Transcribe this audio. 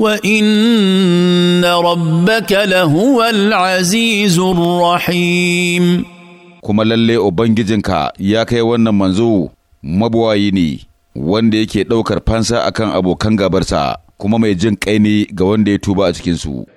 وان ربك لهو العزيز الرحيم kuma lalle ubangijinka ya kai wannan manzo mabuwayi ne wanda yake ɗaukar fansa akan abokan gabarsa kuma mai jin ƙai ne ga wanda ya tuba a cikinsu